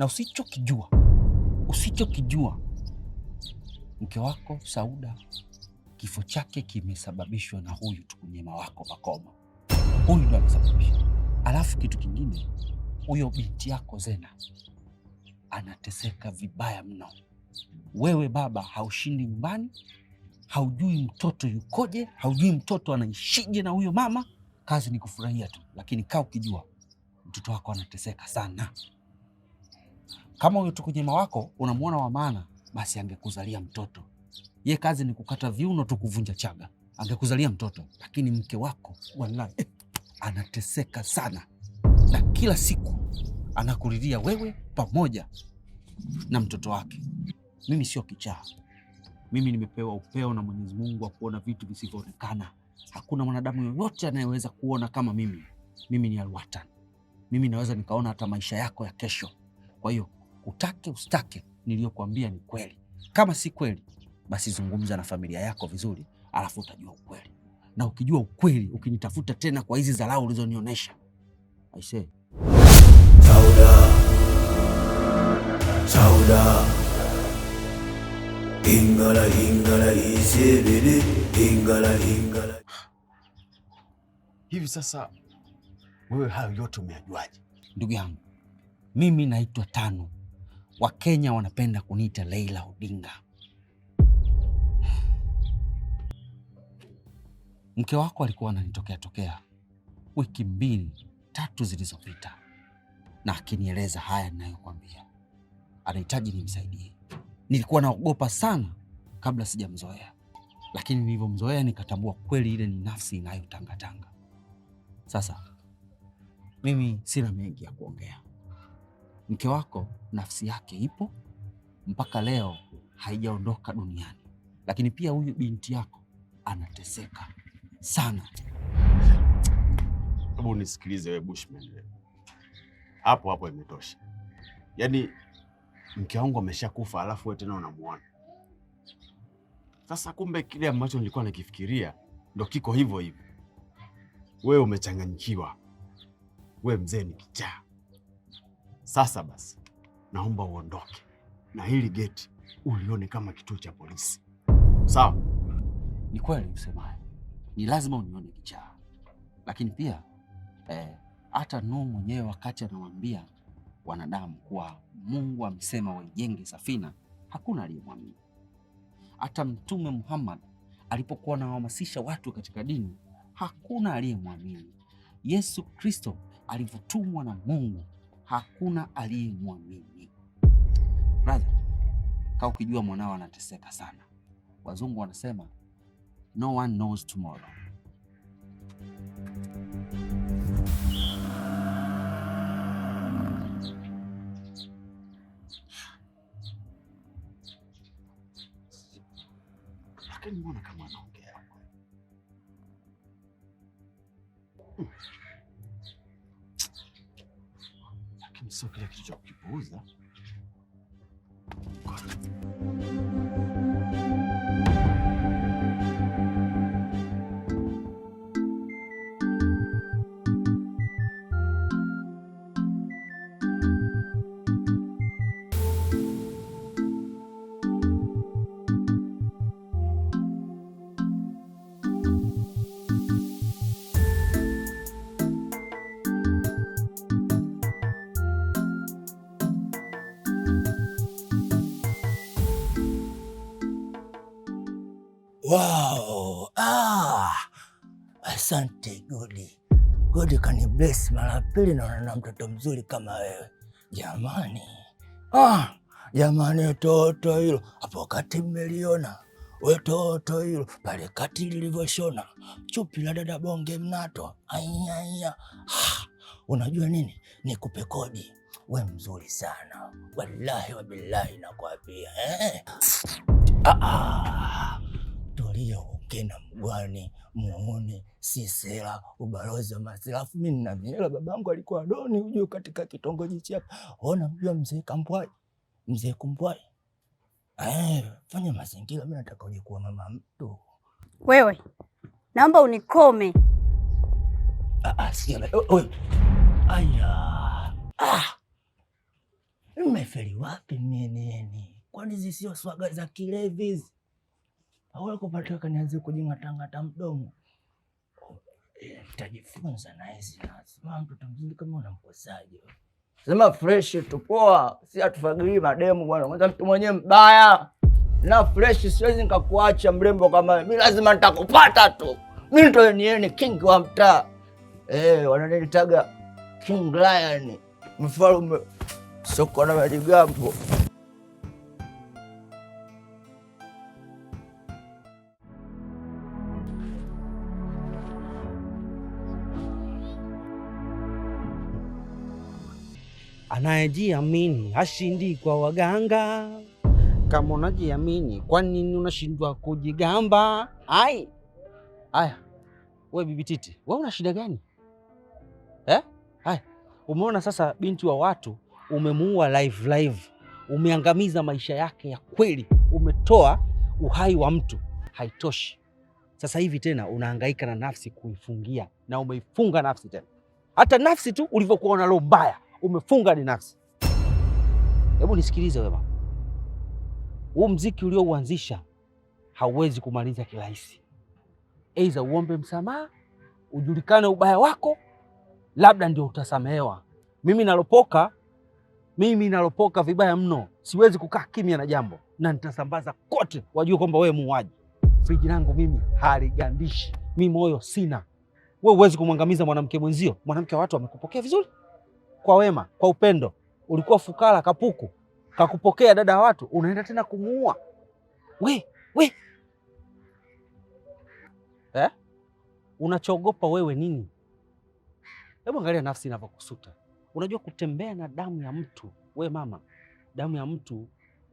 na usichokijua, usichokijua mke wako Sauda, kifo chake kimesababishwa na huyu tukunyema wako Makoma. Huyu ndo amesababisha. Alafu kitu kingine, huyo binti yako Zena anateseka vibaya mno. Wewe baba haushindi nyumbani, haujui mtoto yukoje, haujui mtoto anaishije na huyo mama. Kazi ni kufurahia tu, lakini kaa ukijua mtoto wako anateseka sana. Kama huyo utukujema wako unamuona wa maana, basi angekuzalia mtoto. Ye kazi ni kukata viuno tu, kuvunja chaga, angekuzalia mtoto. Lakini mke wako wallahi, eh, anateseka sana, na kila siku anakulilia wewe pamoja na mtoto wake. Mimi sio kichaa, mimi nimepewa upeo na Mwenyezi Mungu wa kuona vitu visivyoonekana. Hakuna mwanadamu yoyote anayeweza kuona kama mimi. Mimi ni alwatan, mimi naweza nikaona hata maisha yako ya kesho. Kwa hiyo utake ustake, niliyokuambia ni kweli. Kama si kweli, basi zungumza na familia yako vizuri, alafu utajua ukweli. Na ukijua ukweli, ukinitafuta tena kwa hizi dharau ulizonionyesha, aisee. ingala ingala isebele ingala ingala. Hivi sasa wewe hayo yote umeyajuaje? Ndugu yangu mimi naitwa Tanu Wakenya wanapenda kuniita Leila Odinga. Mke wako alikuwa ananitokea tokea wiki mbili tatu zilizopita, na akinieleza haya ninayokwambia, anahitaji nimsaidie. Nilikuwa naogopa sana kabla sijamzoea, lakini nilivyomzoea nikatambua kweli ile ni nafsi inayotangatanga. Sasa mimi sina mengi ya kuongea Mke wako nafsi yake ipo mpaka leo haijaondoka duniani, lakini pia huyu binti yako anateseka sana. Hebu nisikilize wewe Bushman, hapo hapo imetosha. Yaani mke wangu ameshakufa, alafu wewe tena unamuona sasa. Kumbe kile ambacho nilikuwa nakifikiria ndo kiko hivyo hivyo. Wewe umechanganyikiwa, wewe mzee ni kichaa. Sasa basi, naomba uondoke na hili geti ulione kama kituo cha polisi, sawa? Ni kweli msemayo, ni lazima unione kichaa lakini pia eh, hata eh, Nuhu mwenyewe wakati anawaambia wanadamu kuwa Mungu amesema waijenge safina, hakuna aliyemwamini. Hata Mtume Muhammad alipokuwa anawahamasisha watu katika dini, hakuna aliyemwamini. Yesu Kristo alivyotumwa na Mungu hakuna aliyemwamini. Brother, kaa ukijua mwanao anateseka sana. Wazungu wanasema no one knows tomorrow. Lakini mbona kama anaongea それだけじゃ結構多いな。Wow. Ah. Asante Godi. Godi bless mara pili, naona na mtoto mzuri kama wewe jamani. Ah, jamani, toto hilo hapo wakati mmeliona wetoto hilo pale kati lilivyoshona chupi la dada bonge mnato. Aya, aya. Ah, unajua nini, nikupe kodi we mzuri sana wallahi wabillahi nakwambia eh. ah, ah historia ukena mgwani muuni sisela ubalozi wa masirafu. Mi nina miela, babangu alikuwa doni ujue, katika kitongoji hapa ona, oh, mjua mzee Kambwai, mzee Kumbwai. Eh, fanya mazingira, mi nataka uje kuwa mama mtu. Wewe naomba unikome. Ah, ah sikia aya, ah, mmefeli wapi? Mimi nini? Kwani zisio swaga za kilevi hizi? au kupataka nianze kujenga tangata mdomo. Nitajifunza na hizi lazima, mtoto mzuri kama unamkosaje? Sema fresh tu tupoa, si atufagilii mademu bwana. Kwanza mtu mwenyewe mbaya na fresh, siwezi nikakuacha mrembo kama mimi, lazima nitakupata tu. Mimi ndo nieni king wa mtaa eh, wananitaga King Lion, mfalme soko na maligambo. anayejiamini ashindi kwa waganga. Kama unajiamini, kwa nini unashindwa kujigamba? Ai aya, we bibi Titi, we una shida gani eh? Aya, umeona sasa, binti wa watu umemuua live live, umeangamiza maisha yake ya kweli, umetoa uhai wa mtu. Haitoshi, sasa hivi tena unahangaika na nafsi kuifungia, na umeifunga nafsi tena, hata nafsi tu ulivyokuwa roho mbaya umefunga nafsi. Hebu nisikilize wewe, huu mziki uliouanzisha hauwezi kumaliza kirahisi. Aidha uombe msamaha, ujulikane ubaya wako, labda ndio utasamehewa. Mimi nalopoka, mimi nalopoka vibaya mno, siwezi kukaa kimya na jambo, na nitasambaza kote, wajue kwamba wewe muuaji. Friji langu mimi haligandishi, mi moyo sina. Wewe huwezi kumwangamiza mwanamke mwenzio. Mwanamke wa watu amekupokea vizuri kwa wema, kwa upendo. Ulikuwa fukara kapuku, kakupokea dada ya watu, unaenda tena kumuua we, we. Eh? Unachogopa wewe nini? Hebu angalia nafsi inavyokusuta. Unajua kutembea na damu ya mtu, we mama, damu ya mtu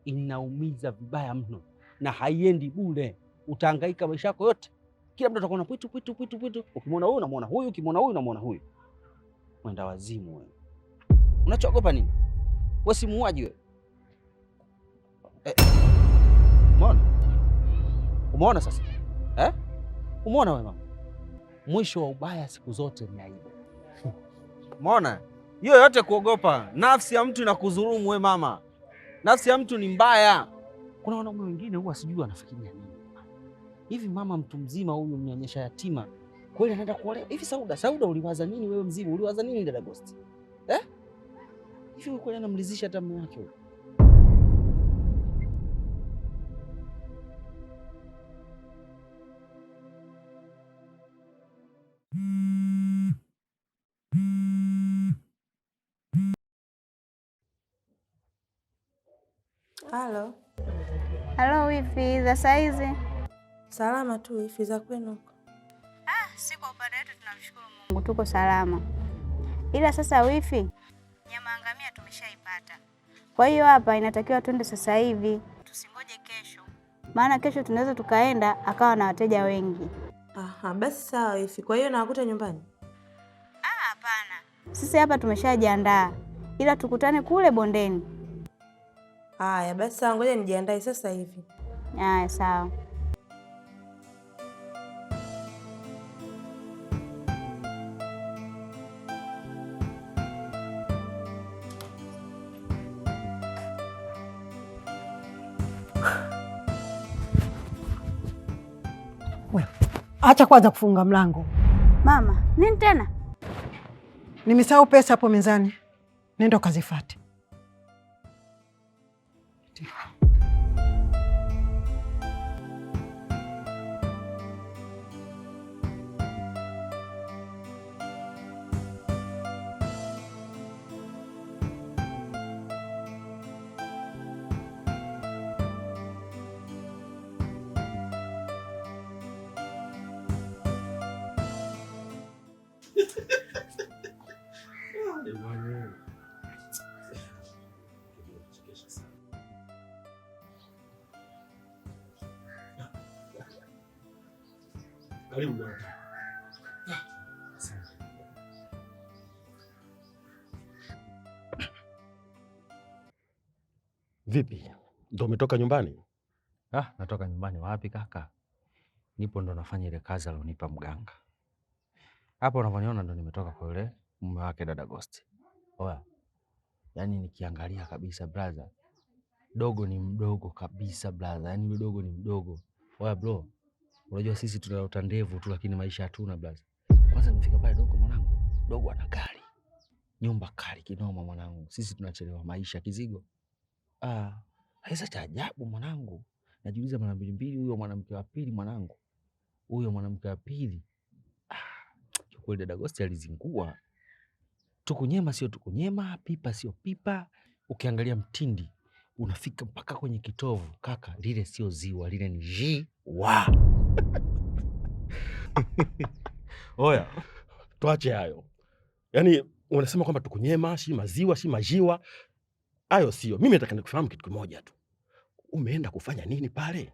inaumiza vibaya mno na haiendi bure. Utahangaika maisha yako yote, kila mtu na pwitu pwitu pwitu pwitu. Ukimwona huyu unamwona huyu, ukimwona huyu unamwona huyu. Mwenda wazimu wewe. Unachogopa nini? Wewe si muuaji wewe. Eh. Umeona? Umeona sasa? Eh? Umeona wewe mama? Mwisho wa ubaya siku zote ni aibu. Umeona? Hiyo yote kuogopa. Nafsi ya mtu inakudhulumu wewe mama. Nafsi ya mtu ni mbaya. Kuna wanaume wengine huwa sijui anafikiria nini. Hivi mama, mtu mzima huyu mnyonyesha yatima kweli anaenda kuolewa hivi? Sauda, Sauda, uliwaza nini wewe mzima? Uliwaza nini dada Ghost? Eh? Hivi kweli anamridhisha hata mume wake huyo? Halo. Halo, wifi za saizi? Salama tu wifi, za kwenu? Ah, si kwa upande wetu tunamshukuru Mungu tuko salama, ila sasa wifi tumeangamia, tumeshaipata, kwa hiyo hapa inatakiwa twende sasa hivi, tusingoje kesho, maana kesho tunaweza tukaenda akawa na wateja wengi. Aha, basi sawa hivi Kwa hiyo nawakuta nyumbani? Ah, hapana, sisi hapa tumeshajiandaa, ila tukutane kule bondeni. Haya basi sawa, ngoja nijiandae sasa hivi. Haya sawa. Acha kwanza kufunga mlango. Mama, nini tena? Nimesahau pesa hapo mezani, nenda ukazifate. Karibu bwana. Vipi, ndo umetoka nyumbani? Ah, natoka nyumbani wapi kaka, nipo ndo nafanya ile kazi alionipa mganga hapa unavyoniona, ndo nimetoka kwa yule mume wake dada Ghost. Oya, yaani nikiangalia kabisa brother, dogo ni mdogo kabisa brother, yaani mdogo ni mdogo. Oya bro, Unajua sisi tunaota ndevu tu, lakini maisha hatuna blaza. Kwanza nimefika pale dogo, mwanangu dogo ana gari, nyumba kali kinoma mwanangu, sisi tunachelewa maisha kizigo. Ah, haisa cha ajabu mwanangu, najiuliza mara mbili mbili, huyo mwanamke wa pili mwanangu, huyo mwanamke wa pili ah, kweli dada Gosti alizingua, tukunyema sio tukunyema, pipa sio pipa. Ukiangalia mtindi unafika mpaka kwenye kitovu kaka, lile sio ziwa, lile ni jiwa. Oya, tuache hayo. Yaani unasema kwamba tukunyema, si maziwa, si majiwa, hayo sio. Mimi nataka nikufahamu kitu kimoja tu, umeenda kufanya nini pale?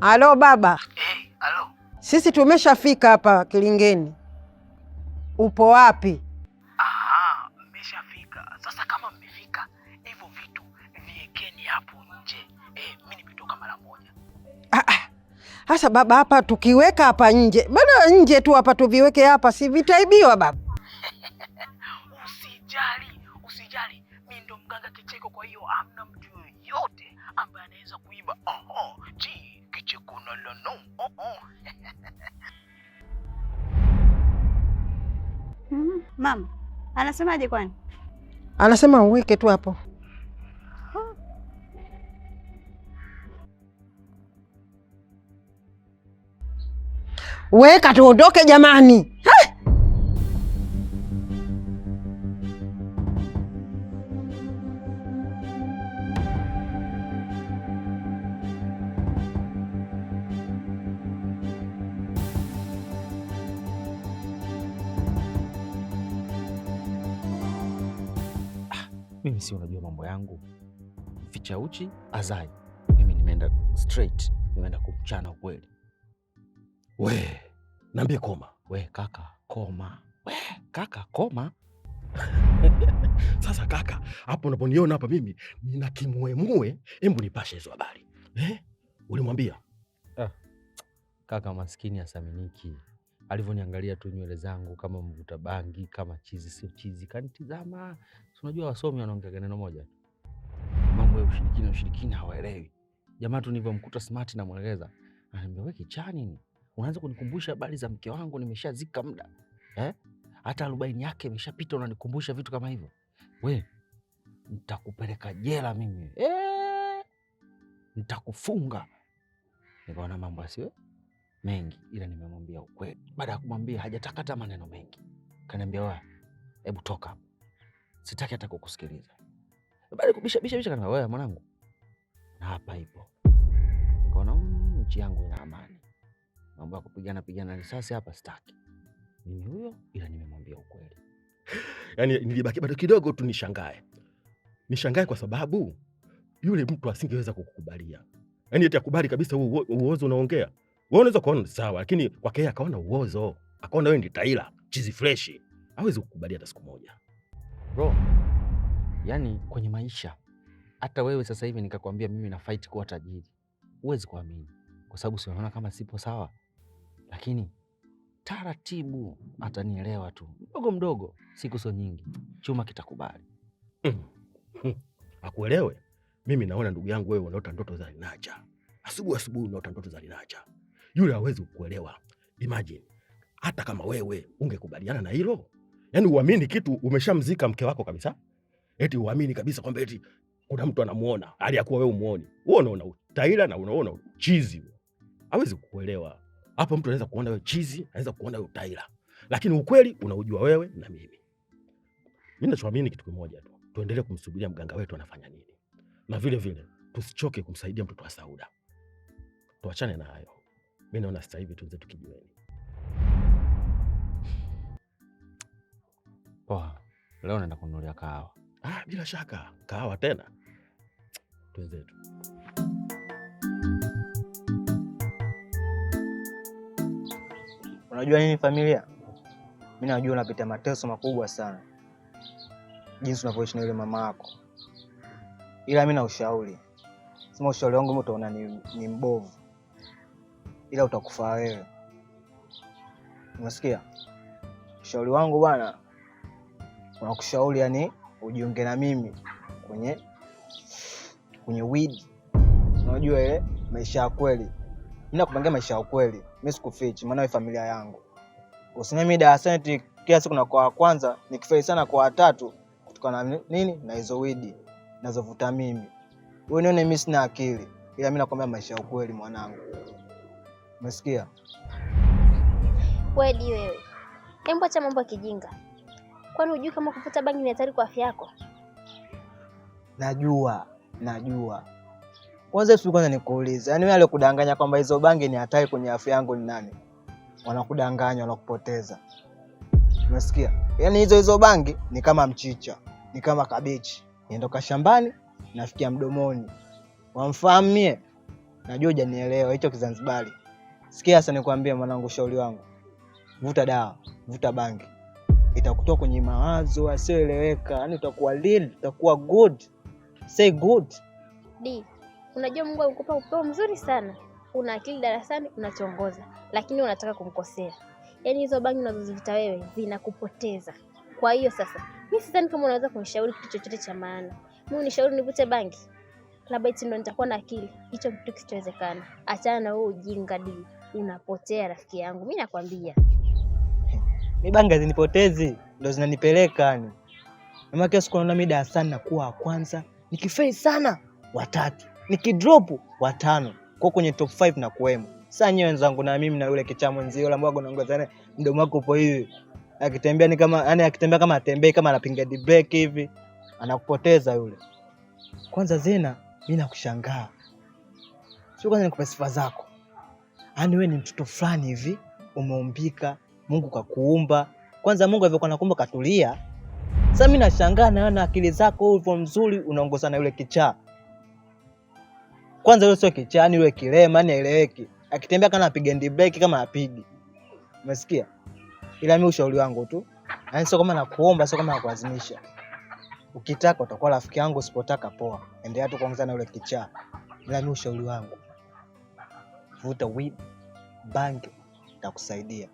Halo baba. Eh, sisi tumeshafika hapa Kilingeni. Upo wapi? Aha, mmeshafika. Sasa kama mmefika, hivyo vitu viekeni hapo nje. Eh, mimi nimetoka mara moja. Ah, ah. Sasa baba, hapa tukiweka hapa nje, bado nje tu hapa tuviweke hapa, si vitaibiwa baba? Mama anasemaje kwani? Anasema uweke tu hapo. Weka tuondoke jamani. Mimi si unajua mambo yangu, ficha uchi azai. Mimi nimeenda straight, nimeenda kumchana ukweli. We nambie koma. We kaka koma, we kaka koma. Sasa kaka, hapo unaponiona hapa mimi nina kimuemue, hebu nipashe hizo habari eh? Ulimwambia eh? Kaka maskini asaminiki alivyoniangalia tu nywele zangu kama mvuta bangi, kama chizi sio chizi, kanitizama Unajua wasomi wanaongea neno moja mambo ya ushirikina, ushirikina hawaelewi. Jamaa tu nilivyomkuta smart na mwelekeza, ananiambia wewe kichani, unaanza kunikumbusha habari za mke wangu, nimeshazika muda eh? hata arobaini yake imeshapita, unanikumbusha vitu kama hivyo. We, nitakupeleka jela mimi eh, nitakufunga. Nikaona mambo asiwe mengi, ila nimemwambia ukweli. Baada ya kumwambia, hajatakata maneno mengi, kaniambia wewe hebu toka sitaki hata kukusikiliza. Bali kubisha bisha bisha, wewe mwanangu, na hapa ipo kaona mm, nchi yangu ina amani, mambo ya kupigana pigana risasi hapa sitaki mimi huyo, ila nimemwambia ukweli. Yaani nilibaki bado kidogo tu nishangae, nishangae kwa sababu yule mtu asingeweza kukukubalia, yaani eti akubali kabisa huo uozo unaongea wewe. Unaweza kuona sawa, lakini kwake akaona uozo, akaona wewe ndio taila chizi freshi, hawezi kukubalia hata siku moja bro. Yani kwenye maisha hata wewe sasa hivi nikakwambia mimi na fight kuwa tajiri, huwezi kuamini kwa sababu si unaona kama sipo sawa, lakini taratibu atanielewa tu mdogo mdogo, siku sio nyingi, chuma kitakubali. Akuelewe mimi naona ndugu yangu, wewe unaota ndoto za linacha, asubuhi asubuhi unaota ndoto za linacha, yule hawezi kukuelewa. Imagine hata kama wewe ungekubaliana na hilo yani uamini kitu umeshamzika mke wako kabisa. Eti uamini kabisa kwamba eti kuna mtu anamuona hali ya kuwa wewe umuoni. Wewe unaona utaila na unaona chizi. Hawezi kukuelewa. Hapo mtu anaweza kuona wewe chizi, anaweza kuona wewe utaila. Lakini ukweli unaujua wewe na mimi. Mimi ninachoamini kitu kimoja tu. Tuendelee kumsubiria mganga wetu anafanya nini. Na vile vile tusichoke kumsaidia mtoto wa Sauda. Tuachane na hayo. Mimi naona sasa hivi tunze tukijiweni. Poa, leo naenda kununulia kahawa. Ah, bila shaka kahawa tena, twenzetu. Unajua nini familia, mi najua unapitia mateso makubwa sana jinsi unavyoishi na yule mama yako, ila mi na ushauri sema, ushauri wangu mi utaona ni, ni mbovu, ila utakufaa wewe. Unasikia ushauri wangu bwana? nakushauri yani ujiunge na mimi kwenye kwenye weed. Unajua ile maisha ya kweli, mimi nakupangia maisha ya kweli, mimi sikufichi, maana familia yangu useme mimi darasani kila siku na kwa kwanza nikifeli sana kwa watatu kutokana na nini? Na hizo weed nazovuta mimi. Wewe nione mimi sina akili, ila mimi nakwambia maisha ya kweli mwanangu, umesikia? Wewe wewe, hebu acha mambo ya kijinga. Kwani hujui kama kuvuta bangi ni hatari kwa afya yako? Najua, najua. Kwanza siku kwanza nikuulize, yaani wewe aliyokudanganya kwamba hizo bangi ni hatari kwenye afya yangu ni nani? Wanakudanganya, wanakupoteza. Unasikia? Yaani hizo hizo bangi ni kama mchicha, ni kama kabichi, niendoka shambani nafikia mdomoni. Wamfahamie? Najua hujanielewa hicho Kizanzibari. Sikia sasa, nikwambie mwanangu, shauri wangu, vuta dawa, vuta bangi itakutoa kwenye mawazo asiyoeleweka, yani utakuwa real, utakuwa good. Say good. D. Unajua Mungu alikupa upeo mzuri sana, una akili darasani, unachongoza lakini unataka kumkosea. Yaani hizo bangi unazozivuta wewe zinakupoteza. Kwa hiyo sasa, mimi sidhani kama unaweza kunishauri kitu chochote cha maana. Mimi unishauri nivute bangi, labda eti ndo nitakuwa na akili. Hicho kitu kisichowezekana. Achana na wewe ujinga, D. Unapotea rafiki yangu, mimi nakwambia mi banga zinipotezi ndo zinanipeleka yani. Mama kila siku naona mi darasani nakuwa wa kwanza, nikifei sana watatu, nikidrop watano, kwa kwenye top 5 na kuwemo. Sasa nyewe wenzangu na mimi na yule kichaa mwenzio la ambaye anaongoza naye, mdomo wako upo hivi. Akitembea ni kama yani, akitembea kama atembei kama anapiga di break hivi, anakupoteza yule. Kwanza Zena, mimi nakushangaa. Sio kwanza nikupa sifa zako. Yaani wewe ni mtoto fulani hivi umeumbika Mungu kakuumba. Kwanza Mungu alivyokuwa anakuumba katulia. Sasa mimi nashangaa naona akili zako ulivyo mzuri unaongozana na yule kichaa. Kwanza yule sio kichaa, ni yule kilema, ni eleweki. Akitembea kana apige ndi breki kama apigi. Umesikia? Ila mimi ushauri wangu tu. Yaani sio kama nakuomba, sio kama nakulazimisha. Ukitaka utakuwa rafiki yangu, usipotaka poa. Endelea tu kuongozana na yule kichaa. Ila mimi ushauri wangu. Vuta weed, bangi, takusaidia.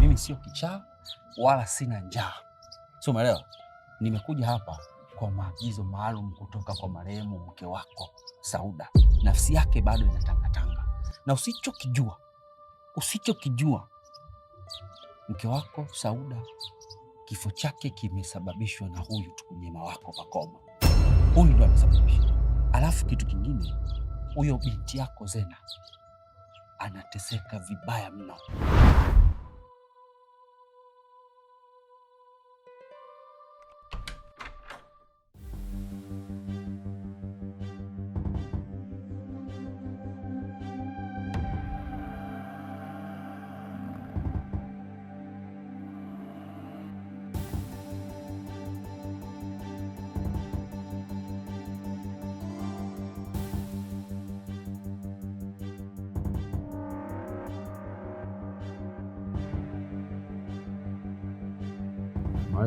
Mimi sio kichaa wala sina njaa, sio umeelewa? Nimekuja hapa kwa maagizo maalum kutoka kwa marehemu mke wako Sauda. Nafsi yake bado inatangatanga na usichokijua, usichokijua mke wako Sauda, kifo chake kimesababishwa na huyu tukunyema wako Pakoma. Huyu ndo amesababisha. Alafu kitu kingine, huyo binti yako Zena anateseka vibaya mno.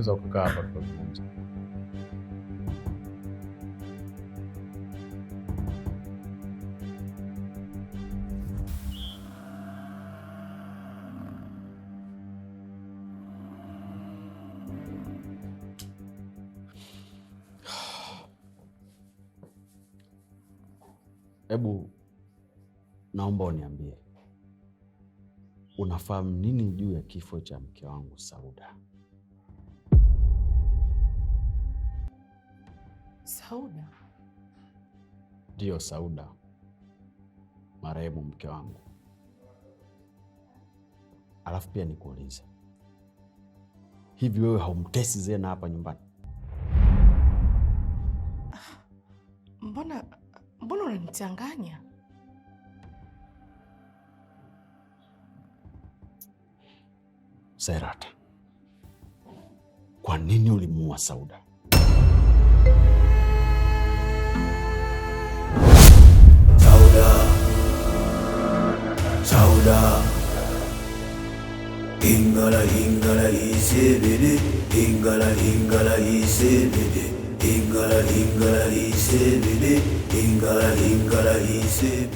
tunaweza kukaa hapa tukazungumza. Hebu naomba uniambie, unafahamu nini juu ya kifo cha mke wangu Sauda? Sauda? Ndiyo, Sauda, marehemu mke wangu. Alafu pia nikuulize, hivi wewe haumtesi Zena hapa nyumbani? Mbona mbona unanichanganya? Serata, kwa nini ulimuua Sauda? だヒンガラヒンガライセベレヒンガラヒンガライセベレヒンガラヒンガライセベレヒンガラヒンガライセベレ